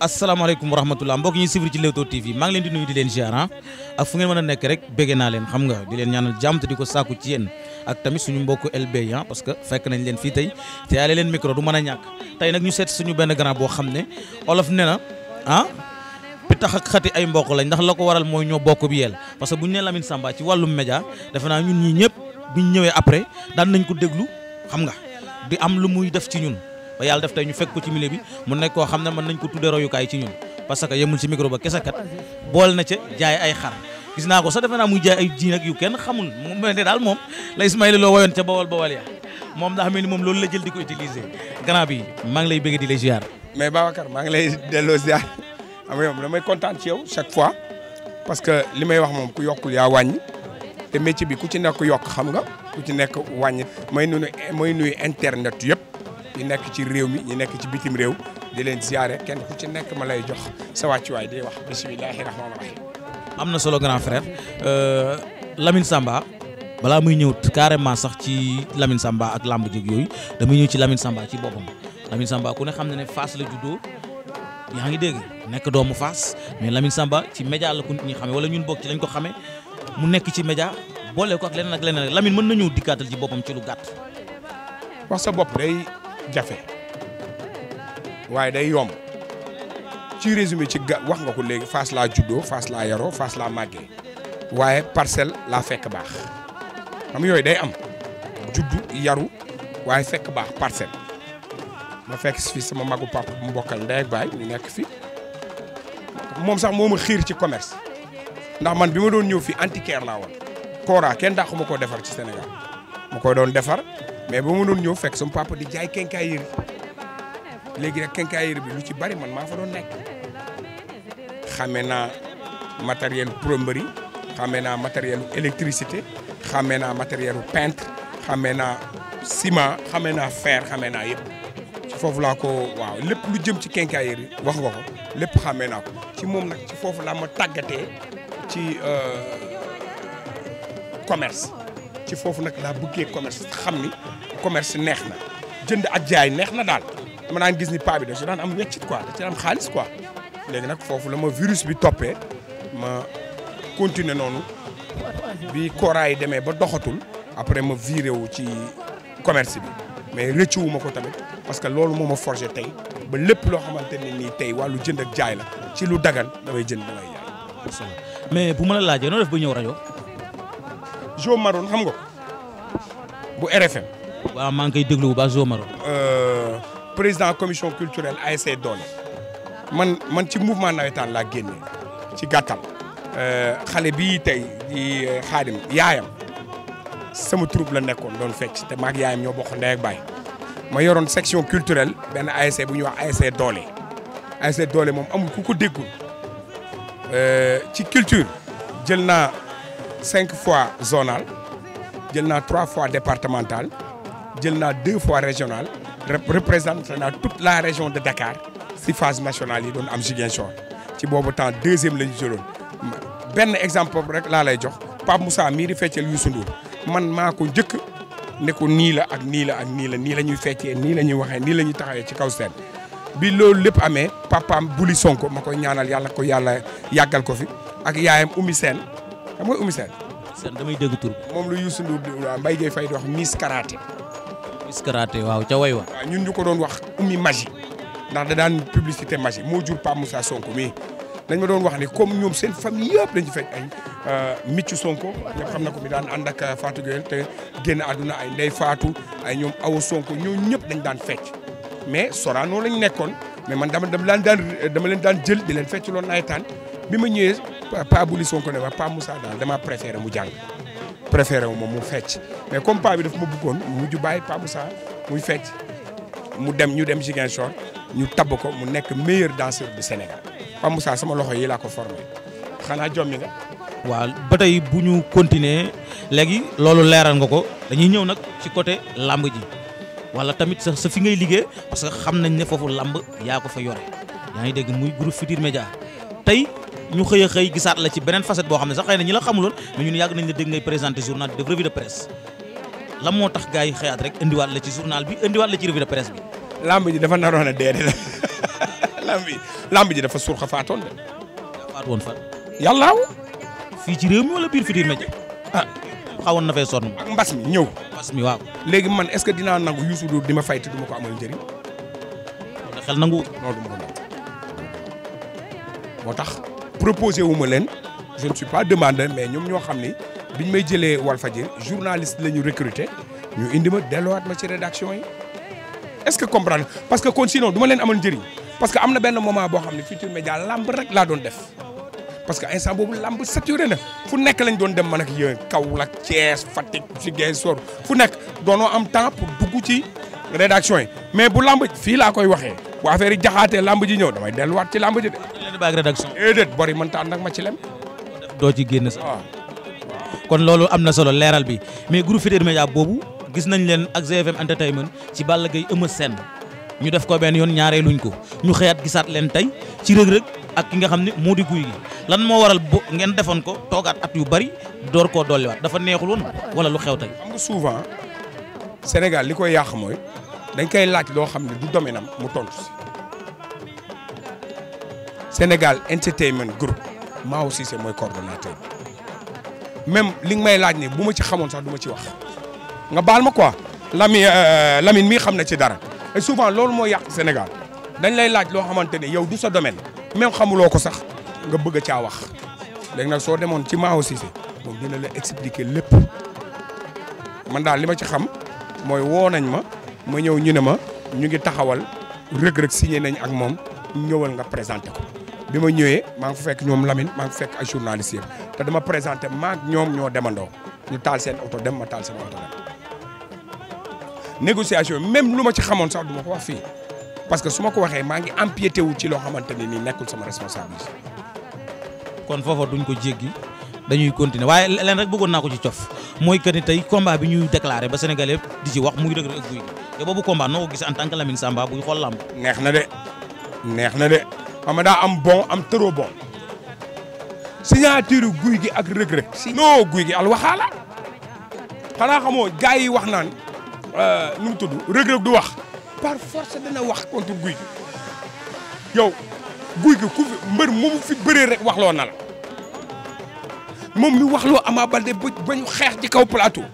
asalaamaaleykum wa rahmatulah mbokk ñi suivre ci Leewtoo TV maa ngi leen di nuyu di leen ziar ak ah, fu ngeen mën a nekk rek bégge naa leen xam nga di leen ñaanal jàmm te di ko sàkku ci yéen ak tamit suñu mbokk LB yi ah, parce fekk nañ leen fii tey te yaale leen micro du mën a ñàkk tey nag ñu seet suñu benn grand boo xam ne olof ne na ah bi tax ak xati ay mbokk lañ ndax la ko waral mooy ñoo bokk bi yeel parce que bu ñu nee Lamine Samba ci wàllum média defe naa ñun ñii ñëpp bu ñëwee après daan nañ ko déglu xam nga di am lu muy def ci ñun ba yàlla def tey ñu fekk ko ci milieu bi mu nekk koo xam ne mën nañ ko tuddee royukaay ci ñun parce que yemul ci micro ba kese kat bool na ca jaay ay xar gis naa ko sa defe naa muy jaay ay jiin ak yu kenn xamul mu mel daal moom la Ismaïla loo woyoon ca bawal bawal ya moom daa xam ne moom loolu la jël di ko utiliser grand bi maa ngi lay bëgg di lay ziar. mais Babacar maa ngi lay delloo ziar am yow damay kontaan ci yow chaque fois parce que li may wax moom ku yokkul yaa wàññi te métier bi ku ci nekk yokk xam nga ku ci nekk wàññi. may nuyu may nuyu internet yëpp ñi nekk ci réew mi ñi nekk ci bitim réew di leen ziare kenn ku ci nekk ma lay jox sa wàccuwaay di wax bisimilahi rahmaani rahim. am na solo grand frère euh, Lamine Samba balaa muy ñëw carrément sax ci Lamine Samba ak lamb jëg yooyu damay ñëw ci Lamine Samba ci boppam Lamine Samba ku ne xam na ne Fass la juddoo. yaa ngi dégg nekk doomu Fass mais Lamine Samba ci média la ko nit ñi xamee wala ñun bokk ci lañ ko xamee mu nekk ci média boole ko ak leneen ak leneen Lamine mën nañu dikkaatal ci boppam ci lu gàtt. jafe waaye day yomb ci résumé ci ga wax nga ko léegi Fass laa juddoo Fass laa yaroo Fass laa màggee waaye parcelle laa fekk baax xam yooyu day am juddu yaru waaye fekk baax parcelle ma fekk fi sama magu papa bu mbokkal ndey baay ñu nekk fi moom sax moom ma xiir ci commerce ndax man bi ma doon ñëw fi antiquaire laa woon. Kora kenn dàqu ma koo defar ci Sénégal ma koy doon defar mais ba mu doon ñëw fekk mu papa di jaay quincaillerie léegi nag quincaillerie bi lu ci bari man maa fa doon nekk xamee naa matériel plomberie xamee naa matériel électricité xamee naa matériel peintre xamee naa ciment xamee naa fer xamee naa yëpp ci foofu laa ko waaw lépp lu jëm ci yére wax nga ko lépp xamee naa ko ci moom nag ci foofu laa ma tàggatee ci euh, commerce ci foofu nag laa bëggee commerce xam ni commerce neex na jënd ak jaay neex na daal dama daan gis ni paa bi da ci daan am weccit quoi da ci am xaalis quoi léegi nag foofu la ma virus bi toppee ma continuer noonu bi kooraa yi demee ba doxatul après ma viré wu ci commerce bi mais rëccuwuma ko tamit parce que loolu moom ma forgé tey ba lépp loo xamante ne nii tey wàllu jënd ak jaay la ci lu dagan damay jënd damay jaay. mais bu ma la laajee noo def ba ñëw rajo. Jo Maroon xam nga bu RFM. waaw maa ngi koy déglu bu baax Jo euh, président commission culturelle ASC Doole man man ci mouvement nawetaan laa génne ci gàttal. Euh, xale bi tey di euh, xaadim yaayam sama troupe la nekkoon doon fecc te maak yaayam ñoo bokk ndey ak baay ma yoroon section culturelle benn ASC bu ñuy wax ASC Doole ASC Doole moom amul ku ko déggul ci culture jël naa. cinq fois zonal jël naa trois fois départemental jël naa deux fois régional représenté naa toute la région de Dakar si phase national yi doon am Ziguinchor ci boobu temps deuxième la ñu jëloon benn exemple rek laa lay jox Pape Moussa mii di fecceel Youssou man maa ko jëkk ne ko nii la ak nii la ak nii la nii la ñuy feccee nii la ñuy waxee nii la ñuy taxawee ci kaw seen bi loolu lépp amee papaam Buli Sonko ma ko ñaanal yàlla ko yàlla yàggal ko fi ak yaayam Oumy Sène xam nga Oumy Sène. Sène damay dégg tur moom lu Youssou Ndour Mbaye Gueye Faye di wax Miss Karaté. Miss Karaté waaw ca way wa. waaw ñun ñu ko doon wax Oumy Magie ndax da daan publicité Magie moo jur Pape Moussa Sonko mii dañ ma doon wax ne comme ñoom seen famille yëpp dañu fekk ay euh, Miccu Sonko ñëpp xam na ko mi daan ànd ak euh, Fatou te génn àdduna ay Ndey Fatou ay ñoom Awa Sonko ñooñu ñëpp dañ daan fecc mais Sorano lañ nekkoon mais man dama dama daan dama leen daan jël di leen fecc loolu nawetaan bi ma ñëwee pa bu li Sonko ne wax pa Moussa daal dama préféré mu jàng préféré wu moom mu fecc mais comme pa bi daf ma bëggoon mu mujj bàyyi pa Moussa muy fecc mu dem ñu dem Ziguinchor ñu tab ko mu nekk meilleur danseur du Sénégal pa Moussa sama loxo yi laa ko formé xanaa jommi nga. waa ba tey bu ñu continuer léegi loolu leeral nga ko dañuy ñëw nag ci côté làmb ji wala tamit sa sa fi ngay liggéey parce que xam nañ ne foofu làmb yaa ko fa yore yaa ngi dégg muy groupe Futur Média tey ñu xëy xëy gisaat la ci beneen facette boo xam ne sax xëy na ñi la xamuloon mais ñun yàgg nañ la dégg ngay présenté journal def revue de presse lan moo tax gaa yi xëyaat rek indiwaat la ci journal bi indiwaat la ci revue de presse bi. lamb ji dafa naroon a dee de la lamb ji dafa surxa faatoon de. faat woon fan. yàllaaw. fii ci réew mi wala biir Futurs Médias ah xawoon na fee sonn. ak mbas mi ñëw. mbas mi waaw. léegi man est ce que dinaa nangu Youssou Ndour di ma fay te du ma ko amal njëriñ. xel proposé wu ma leen je ne suis pas demandé mais ñoom ñoo xam ni biñ may jëlee Walfadjri journaliste la ñu recruté ñu indi ma delluwaat ma ci rédaction yi est-ce que comprendre parce que kon sinon leen amal njëriñ parce que am na benn moment boo xam ne Futurs Médias lamb rek laa doon def parce que instant boobu lamb saturé na fu nekk lañ doon dem ma man ak yéen Kaolack Thiès Fatick Ziguinchor fu nekk doono am temps pour dugg ci rédaction yi mais bu lamb fii laa koy waxee bu affaire yi lamb ji ñëw damay delluwaat ci lamb baag rédaction. déedéet bor yi mën ta ànd ma ci lem. doo ci génn sax. kon loolu am na solo leeral bi mais groupe Futurs Médias boobu gis nañ leen ak GFM Entertainment ci Balla Gaye Eumeu Sène ñu def ko benn yoon ñaareeluñ ko ñu xëyaat gisaat leen tey ci rëg-rëg ak ki nga xam ne moo di guy gi lan moo waral bo ngeen defoon ko toogaat at yu bari door koo dolliwaat dafa neexul woon wala lu xew tey. xam nga souvent Sénégal li koy yàq mooy dañ koy laaj loo xam ne Sénégal Entertainment Group Maaw Cissé mooy coordonnateur même li nga may laaj ne bu ma ci xamoon sax duma ma ci wax nga baal ma quoi Lamine euh, Lamine mii xam na ci dara et souvent loolu mooy yàq Sénégal dañ lay laaj loo xamante ne yow du sa domaine même xamuloo ko sax nga bëgg a caa wax léegi nag soo demoon ci Maaw Cissé moom dina la expliquer lépp man daal li ma ci xam mooy woo nañ ma ma ñëw ñu ne ma ñu ngi taxawal Reug Reug signé nañ ak moom ñëwal nga présenté ko bi ma ñëwee maa ngi fekk ñoom Lamine maa ngi fekk ay journaliste yëpp te dama présenté maag ñoom ñoo demandoo ñu taal seen oto dem ma taal seen oto négociation même lu ma ci xamoon sax du ma ko wax fii parce que su ma ko waxee maa ngi empiété wu ci loo xamante ne nii nekkul sama responsabilité. kon foofa duñ ko jéggi dañuy continuer waaye leen rek bëggoon naa ko ci cof mooy que ni tey combat bi ñuy déclaré ba Sénégalais yëpp di ci wax muy dëgg rek guy te boobu combat noo tant que Lamine Samba buy xool làmb neex na de neex na de. xam nga daa am bon am trop bon signature guy gi ak regret non guy gi al waxaala xanaa xamoo gars yi wax naan euh, nu mu tudd regret du wax par force dana wax contre guy gi yow guy gi ku mbër moomu fi bëree rek wax loo na la moom mi wax loo Ama Baldé ba ñu xeex ci kaw plateau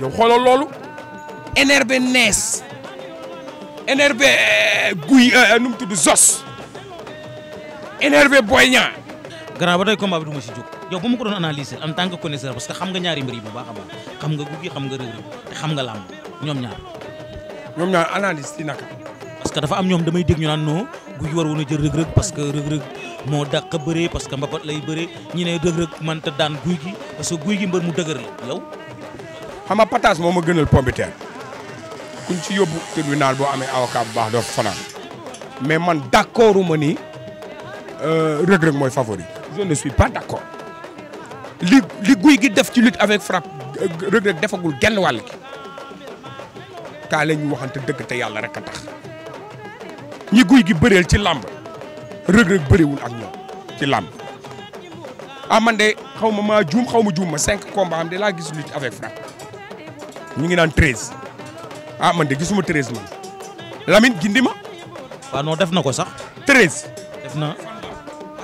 yow xoolal loolu énervé nees énervé guy euh, nu mu tudd Zos énervé Boy Niang. grand ba tey combat bi du ma si jóg yow bu ma ko doon analyser en tant que connaisseur parce que xam nga ñaari mbir yi bu baax a baax xam nga guy xam nga Reug Reug te xam nga laam ñoom ñaar. ñoom ñaar analyse ci naka. parce que dafa am ñoom damay dégg ñu naan non guy war woon a jël Reug Reug parce que Reug Reug moo dàq bëree parce que mba mbapat lay bëree ñu ne Reug Reug mënta daan guy gi parce que guy gi mbër mu dëgër la yow. xam moo ma gënal pomme kuñ ci yóbbu tribunal boo amee avocat bu baax doo fanaan mais man d' accorduma ni euh, Reug Reug mooy favori je ne accord li li guy gi def ci lutte avec frappe Reug Reug defagul genn wàll gi kaa la ñu waxante dëgg te yàlla rek a tax ñi guy gi bëreel ci làmb Reug Reug bëriwul ak ñoom ci làmb ah man de xaw ma maa juum xaw ma juum ma cinq combats am de laa gis lutte avec frappe ñu ngi naan treize ah man de gisuma treize lamin Lamine gindi ma. waaw non def na ko sax. treize. def na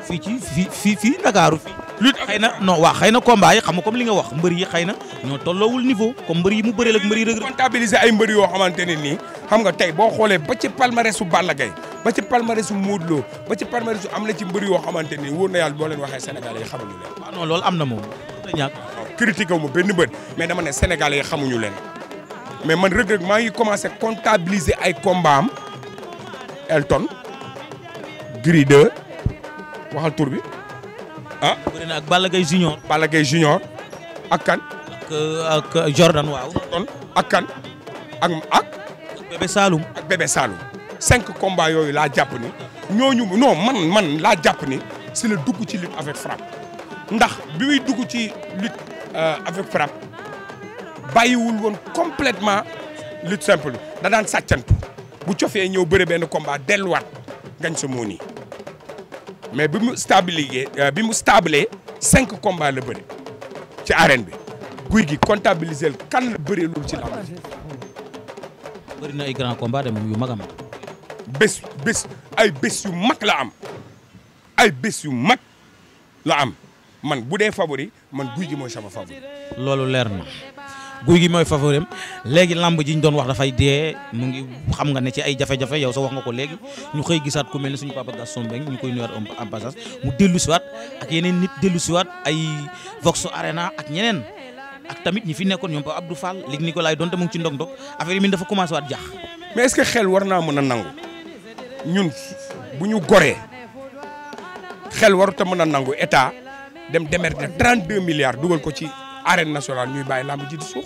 fii ci fii fii fii Ndakaaru fii. lutte xëy na non waa xëy na combat yi xam nga li nga wax mbër yi xëy na ñoo tolloowul niveau comme mbër yi mu bëreel ak mbër yi rëg comptabiliser ay mbër yoo xamante ne nii xam nga tey boo xoolee ba ci palmarèsu Balla Gaye ba ci palmarèsu Modou Lo ba ci palmarèsu am na ci mbër yoo xamante nii wóor na yàlla boo leen waxee sénégalais yi xamuñu leen am na moom ñàkk critiqué wu benn bët mais dama ne xamuñu leen mais man Reug Reug maa ngi commencé comptabiliser ay combat Elton Gris waxal tur bi ah. bëri na ak junior. Balla junior ak kan. ak Jordan waaw. Jordan ak kan ak ak. Bébé Saloum ak cinq combats yooyu laa jàpp ni ñooñu non man laa jàpp ni si la dugg ci lutte avec frappe ndax bi muy dugg ci lutte euh, avec frappe. bàyyiwul woon complètement lutte simple danaan daan sàccantu bu cofee ñëw bëre benn combat delluwaat gañ sa muun yi mais bi mu stabilisé euh, bi mu stablé cinq combats la bëre ci arène bi guy gi comptabiliser kan la bëree lul ci lamb bëri na ay grand combat de yu mag a mag bés bés ay bés yu mag la am ay bés yu mag la am man bu dee favori man guy gi mooy sama favori loolu leer na guy gi mooy favori am léegi lamb ji ñu doon wax dafay dee mu ngi xam nga ne ci ay jafe-jafe yow sa wax nga ko léegi ñu xëy gisaat ku mel ne suñu papa Gaston Mbengue ñu koy nuyuwaat en passage mu dellu siwaat ak yeneen nit dellu siwaat ay Vox Arena ak ñeneen ak tamit ñi fi nekkoon ñoom Pape Abdou Fall léegi ni ko laay doon te mu ngi ci ndog-ndog affaire yi min dafa commencé waat jax mais est-ce que xel war naa mën a nangu ñun bu ñu goree xel war a mën a nangu état dem démerder 32 milliards dugal ko ci. arène nationale ñuy bàyyi lamb ji di suux.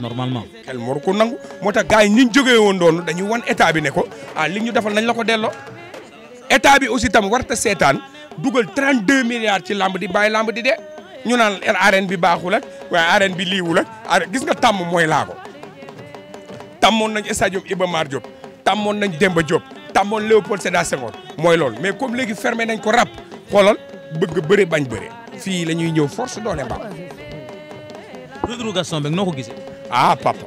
normalement. xel moru ko nangu moo tax gars yi ñu jógee woon doon dañuy wan état bi ne ko ah, li ñu defal nañ la ko delloo état bi aussi tam war warta seetaan dugal 32 milliards ci lamb di bàyyi lamb di de ñu naan arène bi baaxul ak waaye arène bi liiwul ak gis nga tàmm mooy laago tàmmoon nañ stadium Iba Mar Diop tàmmoon nañ Demba Diop tàmmoon Léopold Sédar Senghor mooy loolu mais comme léegi fermé nañ ko rap xoolal bëgg bëre bañ bëre. fii la ñuy ñëw force doone mbaam. retour Gaston beeg noo ko gisee. ah papa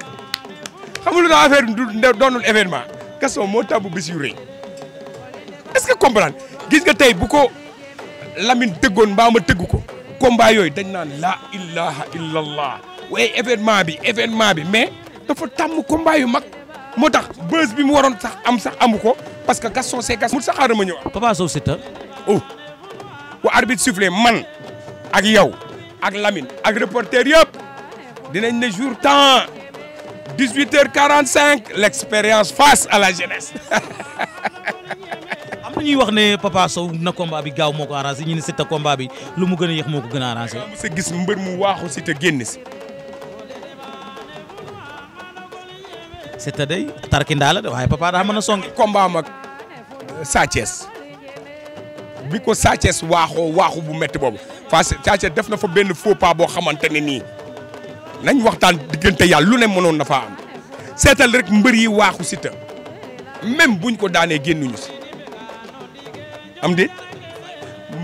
xam nga lu tax affaire du doonul événement Gaston moo tàmbu bis yu rëy est-ce que comprendre gis nga tey bu ko Lamine tëggoon mbaa ma tëgg ko combat yooyu dañ naan la ilaha illallah waaye événement bi événement bi mais dafa tàmm combat yu mag moo tax buzz bi mu waroon sax am sax amu ko parce que Gaston c'est Gaston. mu saxaar ma ñëw Papa Sow Siteu. oh bu arbitre sifflé man. ak yow ak Lamine ak reporter yëpp dinañ ne jour temps 18h45 l'expérience face à la jeunesse. am na wax ne Papa Sow na combat bi gaaw moo ko arrangé ñu ne Siteu combat bi lu mu gën a yéex moo ko gën a arrangé. sa gis mbër mu waaxu Siteu génn si. Siteu day tarkindaa la de waaye Papa daa mën a song. combat bi ko Sa Thiès waaxoo waaxu bu métti boobu fa Sa def na fa benn faux boo xamante ne nii nañ waxtaan diggante yàlla lu ne mënoon na faa am seetal rek mbër yi waaxu Siteu même buñ ko daanee génnuñu si am déet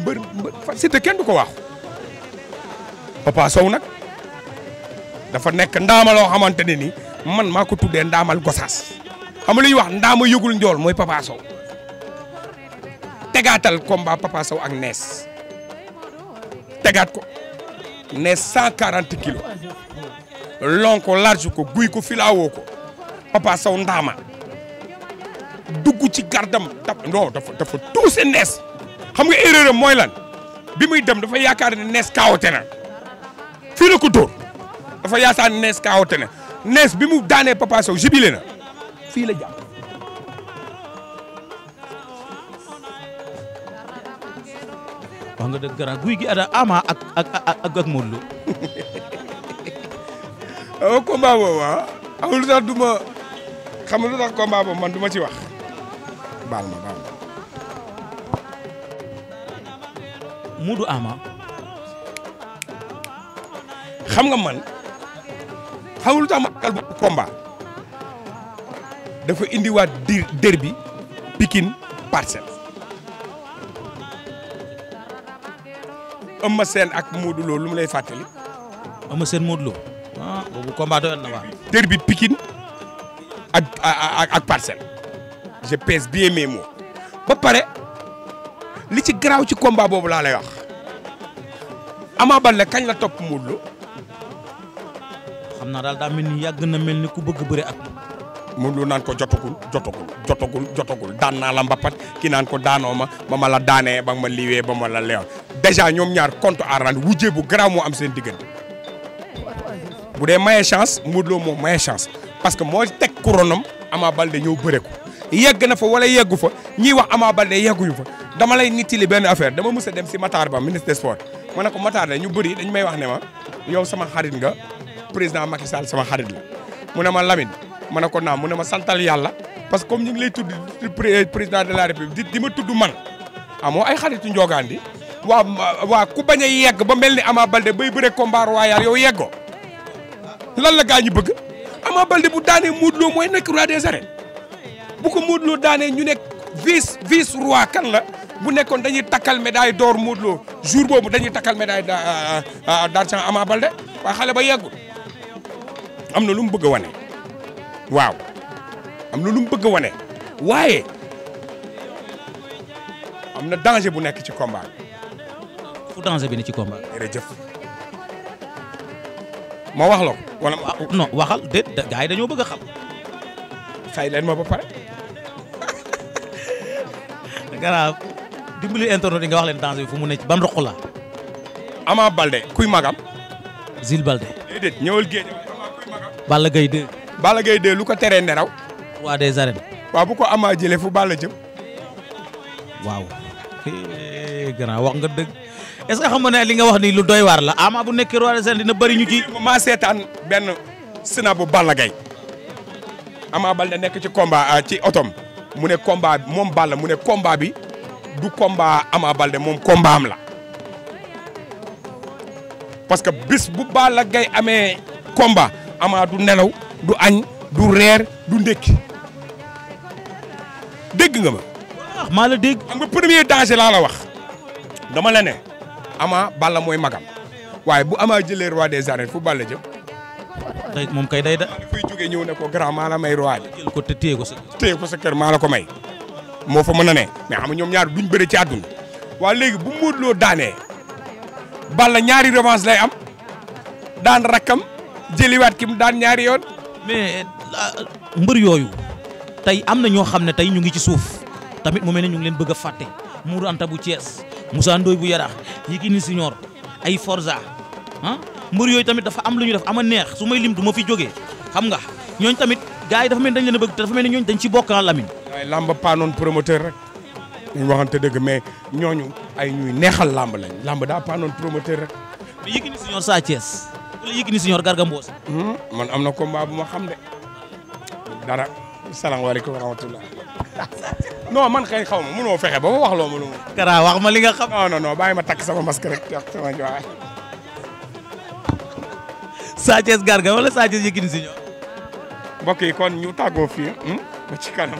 mbër mbër kenn du ko waaxu Papa Sow nag dafa nekk ndaama loo xamante ne ni man maa ko tuddee ndaamal Gosaas xam nga lu wax ndaama yëgul njool mooy Papa Sow. tegaatal combat Papa Sow ak nees tegaat ko nees 140 kilos lon ko large ko guy ko filaawoo ko Papa saw ndaama dugg ci gardam daf non dafa dafa tuuse nees xam nga erreur am mooy lan bi muy dem dafa yaakaar ne nees kaawote na fii la ko dóor dafa yaasaan nees kaawote na nees bi mu daanee Papa Sow jibile na fii la jàpp wax nga dëgg grand guy gi ada ama ak ak ak ak Modou Lo boobu ah amul lu xam lu tax combat boobu man du ma ci wax baal ma baal ma Modou Ama xam nga man xamul lu tax ma akal boobu combat dafa indiwaat derbi Pikine Parcelles Eumeu Sène ak Modou Lo lu mu lay fàttali. Eumeu Sène Modou Lo ah boobu combat doyoon na waaw. derby Pikine ak ak ak Parcelles je pèse bien mes mots ba li ci garaaw ci combat boobu laa lay wax Ama Baldé kañ la topp Modou xam naa daal daa mel ni yàgg na mel ni ku bëgg bëre ak moom lu naan ko jotagul jotagul jotagul jotagul daan naa la mbapat ki naan ko daanoo ma ba ma la daanee ba ma liwee ba ma la leew déjà ñoom ñaar compte à rendre wujje bu garaaw moo am seen diggante. bu dee maye chance Modou Lo moom maye chance parce que moo teg couronam Ama Baldé ñëw bëre ko yegg na fa wala yeggu fa ñiy wax amaa Baldé yegguñu fa dama lay nittili benn affaire dama mës dem si Matar Ba ministre des sports ma ne ko Matar ñu bëri dañ may wax ne ma yow sama xarit nga président Macky sama xarit la mu ne ma Lamine. ma ne ko naa mu ne ma santal yàlla parce que comme ñu ngi lay tudd président de la république di ma tudd man amoo ay xaritu njoogaan waa waa ku bañ yegg ba mel ni Ama Balde bay bëre combat royal yow yeggoo lan la gaa ñu bëgg Ama Balde bu daanee Modou mooy nekk roi des arènes bu ko Modou Lo daanee ñu nekk vice vice roi kan la bu nekkoon dañuy takkal me d'or door Lo jour boobu dañuy takkal médaille euh, euh, d'argent Ama Balde waaye xale ba yeggul am na lu mu bëgg a wane. waaw am na lu mu bëgg a wane waaye am na danger bu nekk ci combat fu danger bi ne ci combat jërëjëf ma wax la ko wala ah, non waxal déet gars yi dañoo bëgg a xam xay leen ma ba pare garab dimbali internet yi nga wax leen danger bi fu mu ne ci ban roq la Ama Balde kuy magam Zil Balde déedéet ñëwal géej Balla Gaye 2 Balla Gaye 2 lu ko teree neraw. waa des waaw bu ko amaa jëlee fu bala jëm. waaw. Eh, grand wax nga dëgg est-ce que xam nga ne li nga wax ni lu doy waar la Ama bu nekkee roi des arènes dina bari ñu ci. ma seetaan benn sina bu Balla Gaye Ama Baldé nekk ci komba ah, ci otom mu ne combat moom Balla mu ne komba bi du komba Ama Baldé moom kombaam la parce que bis bu Balla Gaye amee combat Ama du nelaw. du añ du reer du ndékki dégg nga ma. maa la dégg. xam nga premier danger laa la wax dama la ne Ama bala mooy magam waaye bu amaa jëlee roi des arènes fu Balla jëm. day moom kay day da. dafay jógee ñëw ne ko grand maa la may roi bi. ko te téye ko sa. téye ko sa kër maa la ko may moo fa mën a ne mais xam ñoom ñaar duñ bëre ci àdduna. waa léegi bu Modou Lo daanee Balla ñaari revanche lay am daan rakkam jëliwaat ki mu daan ñaari yoon. mais mbër yooyu tey am na ñoo xam ne tey ñu ngi ci suuf tamit mu mel ne ñu ngi leen bëgg a fàtte Mourou Anta bu Thiès Moussa Ndoye bu Yarax Yékini Signor ay forsa ah mbër yooyu tamit dafa am lu ñu def ama neex su may lim du ma fi jógee xam nga ñooñ tamit gaa yi dafa mel dañ leen a bëgg te dafa mel ne ñooñ dañ ci bokk ah, Lamine waaye làmb paanoon promoteur rek ñu waxante dëgg mais ñooñu ay ñuy neexal làmb lañ làmb daa paanoon promoteur rek mais Yékini Signor saa Thiès la Yékini Senior Garga Mbossé. Hmm, man am na combat bu ma xam de dara. salaamaaleykum wa rahmatulah. non man xëy xaw ma noo fexe ba wax loo ma lu ma. Kara wax ma li nga xam. non non non ma takk sama masque rek jox sama jox. Sa Thiès Garga wala Sa Thiès Yékini Senior. yi kon ñu tàggoo fii hmm, ba ci kanam.